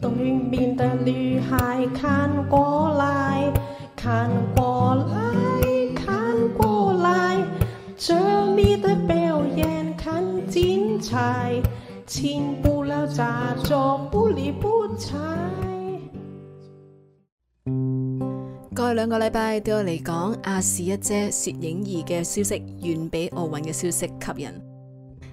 對面的女孩，看過來看過來，看過來看過來這裏的表演很精彩，請不要假，裝不理不睬。過去兩個禮拜，對我嚟講，亞、啊、視一姐薛影儀嘅消息遠比奧運嘅消息吸引。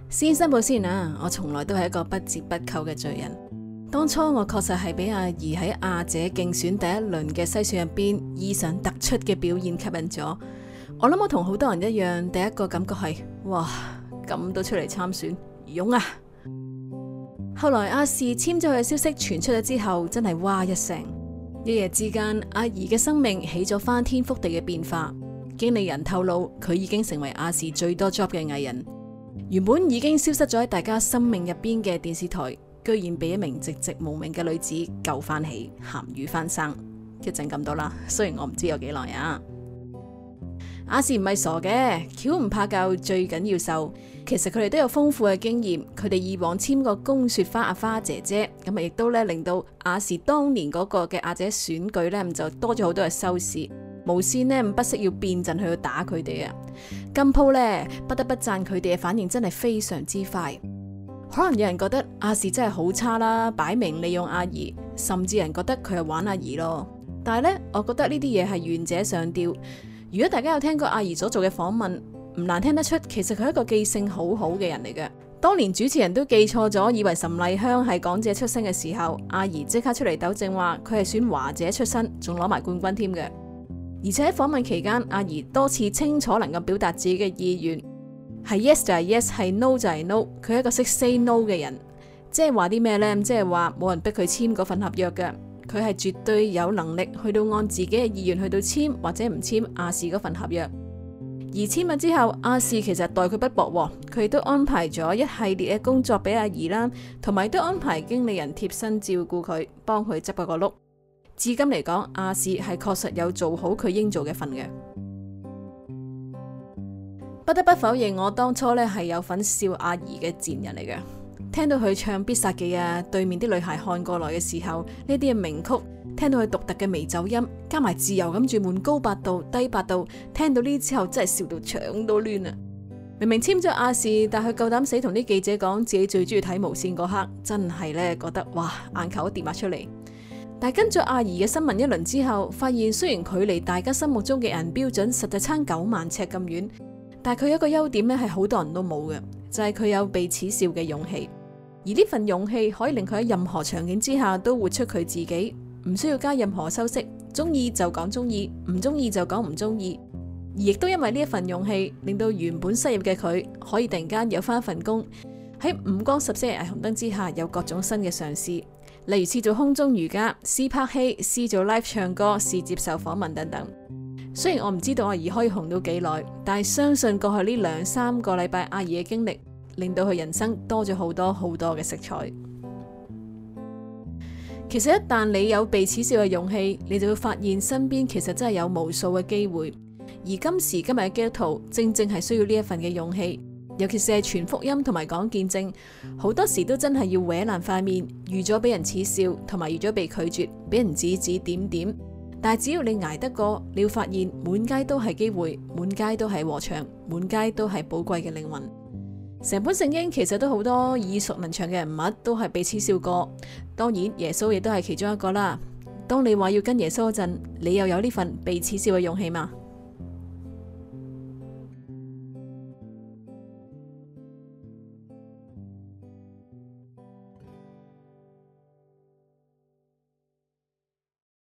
先申報先啊，我從來都係一個不折不扣嘅罪人。當初我確實係俾阿儀喺亞姐競選第一輪嘅篩選入邊異常突出嘅表現吸引咗。我諗我同好多人一樣，第一個感覺係，哇，咁都出嚟參選，勇啊！後來亞視簽咗嘅消息傳出咗之後，真係哇一聲，一夜之間阿儀嘅生命起咗翻天覆地嘅變化。經理人透露，佢已經成為亞視最多 job 嘅藝人。原本已經消失咗喺大家生命入邊嘅電視台，居然俾一名籍籍無名嘅女子救翻起鹹魚翻生。一陣咁多啦。雖然我唔知有幾耐啊。亞視唔係傻嘅，橋唔怕舊，最緊要受。其實佢哋都有豐富嘅經驗，佢哋以往簽過公雪花阿花姐姐，咁啊亦都咧令到亞視當年嗰個嘅亞姐選舉咧咁就多咗好多嘅收視。無綫呢，唔不惜要變陣去打佢哋啊。今鋪咧不得不讚佢哋嘅反應真係非常之快。可能有人覺得亞視真係好差啦，擺明利用阿怡，甚至人覺得佢係玩阿怡咯。但係呢，我覺得呢啲嘢係願者上吊。如果大家有聽過阿怡所做嘅訪問，唔難聽得出，其實佢係一個記性好好嘅人嚟嘅。當年主持人都記錯咗，以為岑麗香係港姐出身嘅時候，阿怡即刻出嚟糾正話佢係選華姐出身，仲攞埋冠軍添嘅。而且訪問期間，阿怡多次清楚能夠表達自己嘅意願。係 yes 就係 yes，係 no 就係 no。佢係一個識 say no 嘅人，即係話啲咩呢？即係話冇人逼佢簽嗰份合約嘅。佢係絕對有能力去到按自己嘅意願去到簽或者唔簽亞視嗰份合約。而簽咗之後，亞視其實待佢不薄，佢都安排咗一系列嘅工作俾阿儀啦，同埋都安排經理人貼身照顧佢，幫佢執個個碌。至今嚟講，亞視係確實有做好佢應做嘅份嘅。不得不否認，我當初咧係有份笑阿儀嘅賤人嚟嘅。聽到佢唱《必殺技》啊，對面啲女孩看過來嘅時候，呢啲嘅名曲，聽到佢獨特嘅微走音，加埋自由咁住滿高八度、低八度，聽到呢之後真係笑到腸都攣啊！明明簽咗亞視，但佢夠膽死同啲記者講自己最中意睇無綫嗰刻，真係咧覺得哇眼球都跌埋出嚟。但係跟咗阿儀嘅新聞一輪之後，發現雖然距離大家心目中嘅人標準實在，實際差九萬尺咁遠。但係佢有一個優點咧，係好多人都冇嘅，就係佢有被恥笑嘅勇氣，而呢份勇氣可以令佢喺任何場景之下都活出佢自己，唔需要加任何修飾，中意就講中意，唔中意就講唔中意。而亦都因為呢一份勇氣，令到原本失業嘅佢可以突然間有翻一份工，喺五光十色嘅霓虹燈之下，有各種新嘅嘗試，例如試做空中瑜伽、試拍戲、試做 live 唱歌、試接受訪問等等。雖然我唔知道阿怡可以紅到幾耐，但係相信過去呢兩三個禮拜阿怡嘅經歷，令到佢人生多咗好多好多嘅色彩。其實一旦你有被恥笑嘅勇氣，你就會發現身邊其實真係有無數嘅機會。而今時今日嘅基督徒，正正係需要呢一份嘅勇氣。尤其是係傳福音同埋講見證，好多時都真係要搲爛塊面，預咗俾人恥笑，同埋預咗被拒絕，俾人指指點點。但係只要你捱得過，你會發現滿街都係機會，滿街都係禾場，滿街都係寶貴嘅靈魂。成本聖經其實都好多耳熟能詳嘅人物，都係被恥笑過。當然耶穌亦都係其中一個啦。當你話要跟耶穌陣，你又有呢份被恥笑嘅勇氣嘛？